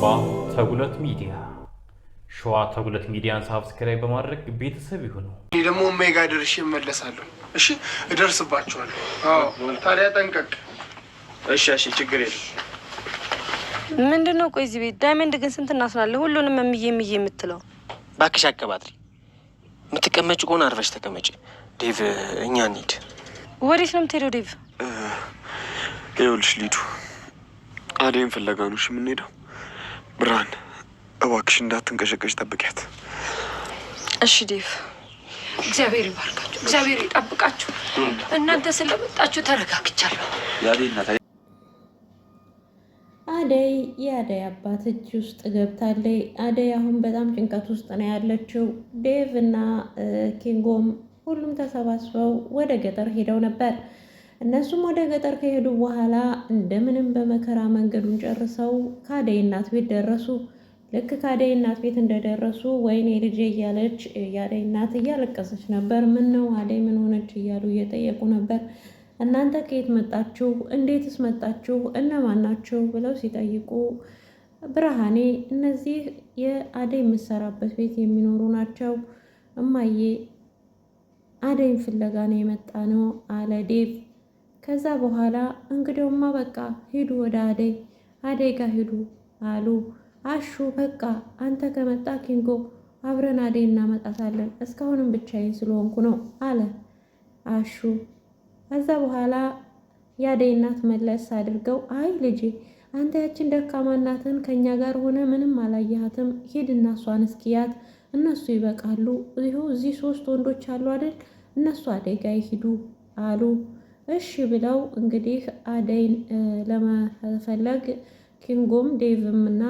ሸዋ ተጉለት ሚዲያ ሸዋ ተጉለት ሚዲያን ሳብስክራይብ በማድረግ ቤተሰብ ይሁኑ። እኔ ደግሞ ሜጋ ደርሼ እመለሳለሁ። እሺ፣ እደርስባችኋለሁ። ታዲያ ጠንቀቅ። እሺ፣ እሺ፣ ችግር የለም። ምንድን ነው? ቆይ እዚህ ቤት ዳይመንድ ግን ስንት እናስናለ? ሁሉንም እምዬ እምዬ የምትለው ባክሽ። አቀባጥሪ የምትቀመጭ ከሆነ አርፈሽ ተቀመጭ። ዴቭ፣ እኛ እንሂድ። ወዴት ነው የምትሄደው ዴቭ? ይኸውልሽ ሊዱ፣ አደይን ፍለጋ ነው የምንሄደው ብርሃን እባክሽ እንዳትንቀሸቀሽ ጠብቂያት። እሺ ዴቭ፣ እግዚአብሔር ይባርካችሁ፣ እግዚአብሔር ይጠብቃችሁ። እናንተ ስለመጣችሁ ተረጋግቻለሁ። አደይ የአደይ አባት እጅ ውስጥ ገብታለች። አደይ አሁን በጣም ጭንቀት ውስጥ ነው ያለችው። ዴቭ እና ኪንጎም ሁሉም ተሰባስበው ወደ ገጠር ሄደው ነበር። እነሱም ወደ ገጠር ከሄዱ በኋላ እንደምንም በመከራ መንገዱን ጨርሰው ከአደይ እናት ቤት ደረሱ። ልክ ከአደይ እናት ቤት እንደደረሱ ወይኔ ልጄ እያለች የአደይ እናት እያለቀሰች ነበር። ምን ነው አደይ ምን ሆነች እያሉ እየጠየቁ ነበር። እናንተ ከየት መጣችሁ? እንዴትስ መጣችሁ? እነማን ናችሁ? ብለው ሲጠይቁ ብርሃኔ እነዚህ የአደይ የምትሰራበት ቤት የሚኖሩ ናቸው እማዬ አደይን ፍለጋ ነው የመጣ ነው አለ ዴቭ ከዛ በኋላ እንግዲያውማ በቃ ሂዱ ወደ አደይ አደይ ጋር ሂዱ አሉ። አሹ በቃ አንተ ከመጣ ኪንጎ አብረን አደይ እናመጣታለን እስካሁንም ብቻዬን ስለሆንኩ ነው አለ አሹ። ከዛ በኋላ የአደይ እናት መለስ አድርገው አይ ልጄ አንተ ያችን ደካማ እናትን ከእኛ ጋር ሆነ ምንም አላየሃትም። ሂድና እሷን እስኪያት እነሱ ይበቃሉ። ይኸው እዚህ ሶስት ወንዶች አሉ አይደል? እነሱ አደጋ ይሂዱ አሉ። እሺ ብለው እንግዲህ አደይን ለመፈለግ ኪንጎም ዴቭም እና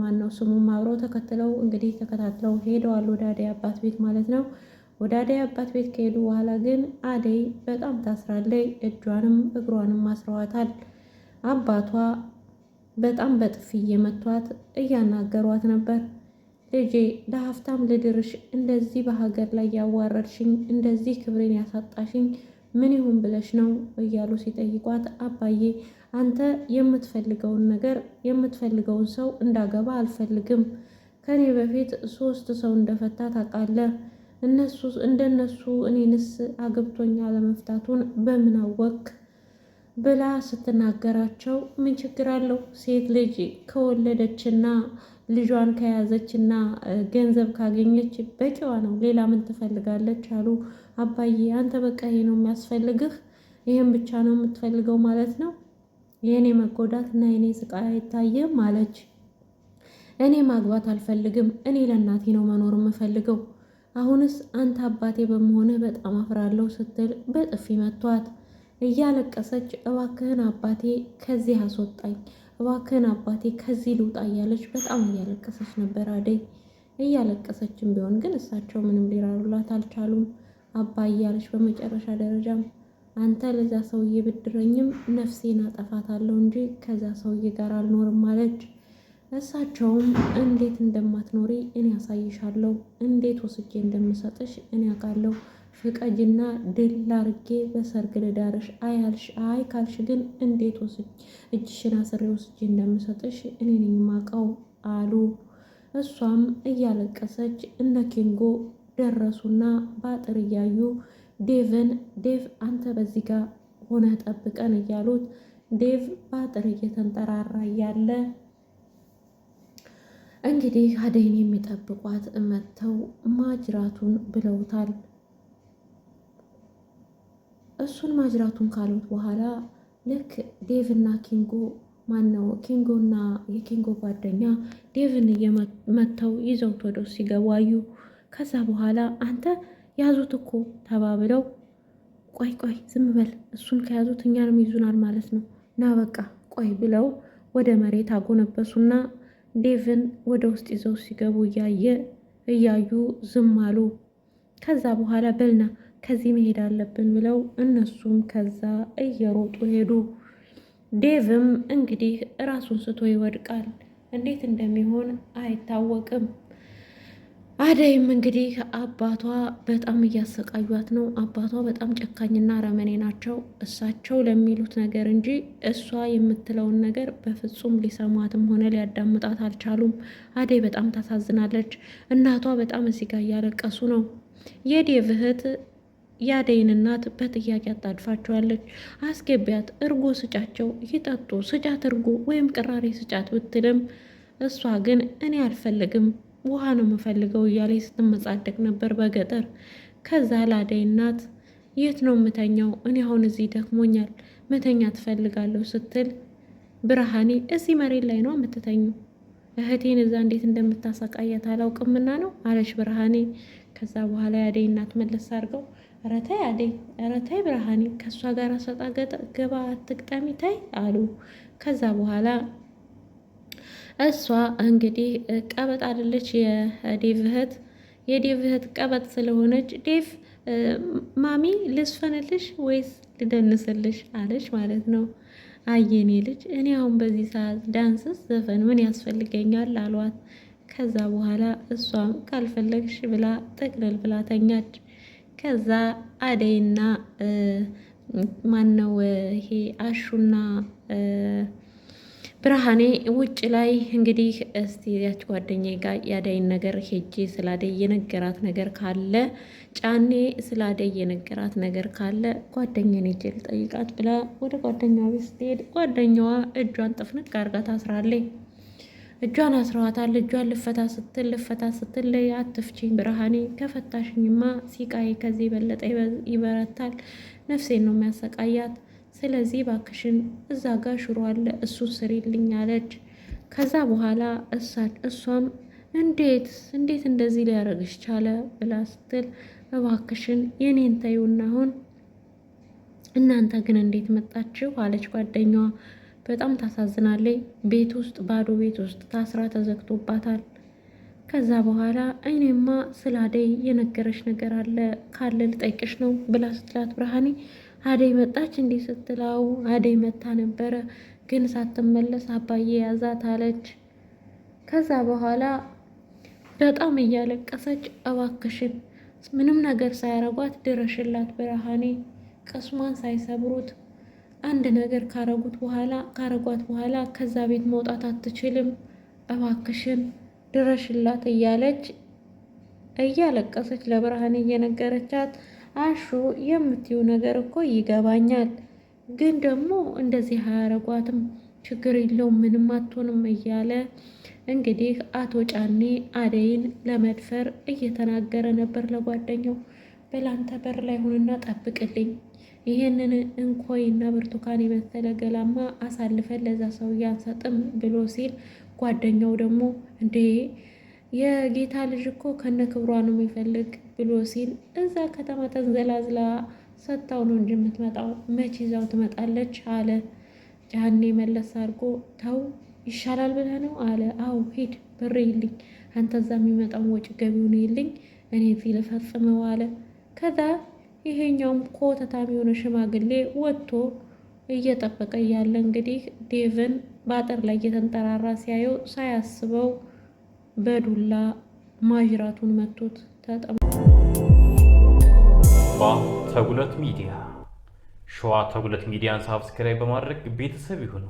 ማነው ስሙም አብረው ተከትለው እንግዲህ ተከታትለው ሄደዋል ወደ አደይ አባት ቤት ማለት ነው። ወደ አደይ አባት ቤት ከሄዱ በኋላ ግን አደይ በጣም ታስራለይ። እጇንም እግሯንም አስረዋታል። አባቷ በጣም በጥፊ እየመቷት እያናገሯት ነበር። ልጄ ለሀብታም ልድርሽ፣ እንደዚህ በሀገር ላይ ያዋረድሽኝ፣ እንደዚህ ክብሬን ያሳጣሽኝ ምን ይሁን ብለሽ ነው እያሉ ሲጠይቋት አባዬ አንተ የምትፈልገውን ነገር የምትፈልገውን ሰው እንዳገባ አልፈልግም። ከኔ በፊት ሶስት ሰው እንደፈታ ታውቃለህ። እነሱ እንደነሱ እኔንስ አግብቶኛ ለመፍታቱን በምን አወቅ ብላ ስትናገራቸው ምን ችግር አለው ሴት ልጅ ከወለደችና ልጇን ከያዘችና ገንዘብ ካገኘች በቂዋ ነው። ሌላ ምን ትፈልጋለች አሉ። አባዬ አንተ በቃ ይሄ ነው የሚያስፈልግህ፣ ይህም ብቻ ነው የምትፈልገው ማለት ነው። የእኔ መጎዳት እና የእኔ ስቃይ አይታየም አለች። እኔ ማግባት አልፈልግም። እኔ ለእናቴ ነው መኖር የምፈልገው። አሁንስ አንተ አባቴ በመሆንህ በጣም አፍራለሁ ስትል በጥፊ መቷት። እያለቀሰች እባክህን አባቴ ከዚህ አስወጣኝ፣ እባክህን አባቴ ከዚህ ልውጣ እያለች በጣም እያለቀሰች ነበር አደይ። እያለቀሰችም ቢሆን ግን እሳቸው ምንም ሊራሩላት አልቻሉም። አባ አለች። በመጨረሻ ደረጃም አንተ ለዛ ሰውዬ ብድረኝም ነፍሴን አጠፋታለሁ እንጂ ከዛ ሰውዬ ጋር አልኖርም አለች። እሳቸውም እንዴት እንደማትኖሪ እኔ አሳይሻለሁ፣ እንዴት ወስጄ እንደምሰጥሽ እኔ አውቃለሁ። ፍቀጅና ድል አርጌ በሰርግ ልዳርሽ አያልሽ አይ ካልሽ ግን እንዴት ወስጅ እጅሽን አስሬ ወስጄ እንደምሰጥሽ እኔ ነኝ የማውቀው አሉ። እሷም እያለቀሰች እነ ኪንጎ! ደረሱና በአጥር እያዩ ዴቭን ዴቭ አንተ በዚህ ጋር ሆነህ ጠብቀን እያሉት ዴቭ በአጥር እየተንጠራራ እያለ እንግዲህ አደይን የሚጠብቋት መጥተው ማጅራቱን ብለውታል። እሱን ማጅራቱን ካሉት በኋላ ልክ ዴቭና ኪንጎ ማነው ኪንጎና የኪንጎ ጓደኛ ዴቭን እየመተው ይዘውት ወደ ሲገባዩ ከዛ በኋላ አንተ ያዙት እኮ ተባብለው ቆይ ቆይ ዝም በል እሱን ከያዙት እኛንም ይዙናል ማለት ነው፣ ና በቃ ቆይ ብለው ወደ መሬት አጎነበሱና ዴቭን ወደ ውስጥ ይዘው ሲገቡ እያየ እያዩ ዝም አሉ። ከዛ በኋላ በልና ከዚህ መሄድ አለብን ብለው እነሱም ከዛ እየሮጡ ሄዱ። ዴቭም እንግዲህ ራሱን ስቶ ይወድቃል። እንዴት እንደሚሆን አይታወቅም። አደይም እንግዲህ አባቷ በጣም እያሰቃዩት ነው። አባቷ በጣም ጨካኝና ረመኔ ናቸው። እሳቸው ለሚሉት ነገር እንጂ እሷ የምትለውን ነገር በፍጹም ሊሰማትም ሆነ ሊያዳምጣት አልቻሉም። አደይ በጣም ታሳዝናለች። እናቷ በጣም እዚህ ጋር እያለቀሱ ነው። የዴቭ እህት የአደይን እናት በጥያቄ አጣድፋቸዋለች። አስገቢያት፣ እርጎ ስጫቸው ይጠጡ፣ ስጫት እርጎ ወይም ቅራሬ ስጫት ብትልም እሷ ግን እኔ አልፈልግም ውሃ ነው የምፈልገው እያለ ስትመጻደቅ ነበር በገጠር። ከዛ ላደይ እናት የት ነው የምተኛው? እኔ አሁን እዚህ ደክሞኛል መተኛ ትፈልጋለሁ ስትል ብርሃኔ እዚህ መሬት ላይ ነው የምትተኙ እህቴን እዛ እንዴት እንደምታሰቃያት አላውቅምና ነው አለሽ ብርሃኔ። ከዛ በኋላ ያደይ እናት መለስ አድርገው ኧረ ተይ አደይ፣ ብርሃኔ፣ ከእሷ ጋር ሰጣ ገባ አትግጠሚ ተይ አሉ። ከዛ በኋላ እሷ እንግዲህ ቀበጥ አይደለች የዴቭ እህት የዴቭ እህት ቀበጥ ስለሆነች ዴቭ ማሚ ልስፈንልሽ ወይስ ልደንስልሽ አለች ማለት ነው። አየኔ ልጅ እኔ አሁን በዚህ ሰዓት ዳንስስ ዘፈን ምን ያስፈልገኛል አሏት። ከዛ በኋላ እሷም ካልፈለግሽ ብላ ጠቅለል ብላ ተኛች። ከዛ አደይና ማነው ይሄ አሹና ብርሃኔ ውጭ ላይ እንግዲህ እስቲ ያች ጓደኛ ጋር ያዳይን ነገር ሄጄ ስላደይ የነገራት ነገር ካለ ጫኔ ስላደይ የነገራት ነገር ካለ ጓደኛን ሄጄ ልጠይቃት ብላ ወደ ጓደኛዋ ቤት ስትሄድ ጓደኛዋ እጇን ጥፍንቅ አድርጋ ታስራለች። እጇን አስረዋታል። እጇን ልፈታ ስትል ልፈታ ስትል አትፍችኝ ብርሃኔ፣ ከፈታሽኝማ ሲቃዬ ከዚህ የበለጠ ይበረታል፣ ነፍሴን ነው የሚያሰቃያት ስለዚህ ባክሽን እዛ ጋር ሽሮ አለ እሱ ስሪልኝ አለች። ከዛ በኋላ እሳት እሷም እንዴት እንዴት እንደዚህ ሊያደርግሽ ቻለ ብላ ስትል እባክሽን የኔን ተይውና አሁን እናንተ ግን እንዴት መጣችሁ አለች ጓደኛዋ። በጣም ታሳዝናለች። ቤት ውስጥ ባዶ ቤት ውስጥ ታስራ ተዘግቶባታል። ከዛ በኋላ እኔማ ስላደይ የነገረች ነገር አለ ካለ ልጠይቅሽ ነው ብላ ስትላት ብርሃኔ አደይ መጣች እንዲህ ስትላው አደይ መታ ነበረ ግን ሳትመለስ አባዬ ያዛት አለች። ከዛ በኋላ በጣም እያለቀሰች እባክሽን ምንም ነገር ሳያረጓት ድረሽላት ብርሃኔ ቅስሟን ሳይሰብሩት አንድ ነገር ካረጉት በኋላ ካረጓት በኋላ ከዛ ቤት መውጣት አትችልም፣ እባክሽን ድረሽላት እያለች እያለቀሰች ለብርሃኔ እየነገረቻት አሹ የምትዩ ነገር እኮ ይገባኛል፣ ግን ደግሞ እንደዚህ አያረጓትም፣ ችግር የለው ምንም አትሆንም እያለ እንግዲህ አቶ ጫኔ አደይን ለመድፈር እየተናገረ ነበር ለጓደኛው። በላንተ በር ላይ ሁንና ጠብቅልኝ፣ ይህንን እንኮይና ብርቱካን የመሰለ ገላማ አሳልፈን ለዛ ሰው አንሰጥም ብሎ ሲል ጓደኛው ደግሞ እንዴ የጌታ ልጅ እኮ ከነ ክብሯ ነው የሚፈልግ ብሎ ሲል እዛ ከተማ ተንዘላዝላ ሰጥታው ነው እንጂ የምትመጣው መቼ ይዛው ትመጣለች አለ። ጃኔ መለስ አድርጎ ተው ይሻላል ብለ ነው አለ። አዎ ሂድ፣ ብር ይልኝ፣ አንተ እዛ የሚመጣውን ወጪ ገቢውን ይልኝ፣ እኔ እዚህ ልፈጽመው አለ። ከዛ ይሄኛውም ኮተታም የሆነ ሽማግሌ ወጥቶ እየጠበቀ እያለ እንግዲህ ዴቭን በአጥር ላይ እየተንጠራራ ሲያየው ሳያስበው በዱላ ማጅራቱን መቶት ተጠ ተጉለት ሚዲያ ሸዋ ተጉለት ሚዲያን ሳብስክራይብ በማድረግ ቤተሰብ ይሁኑ።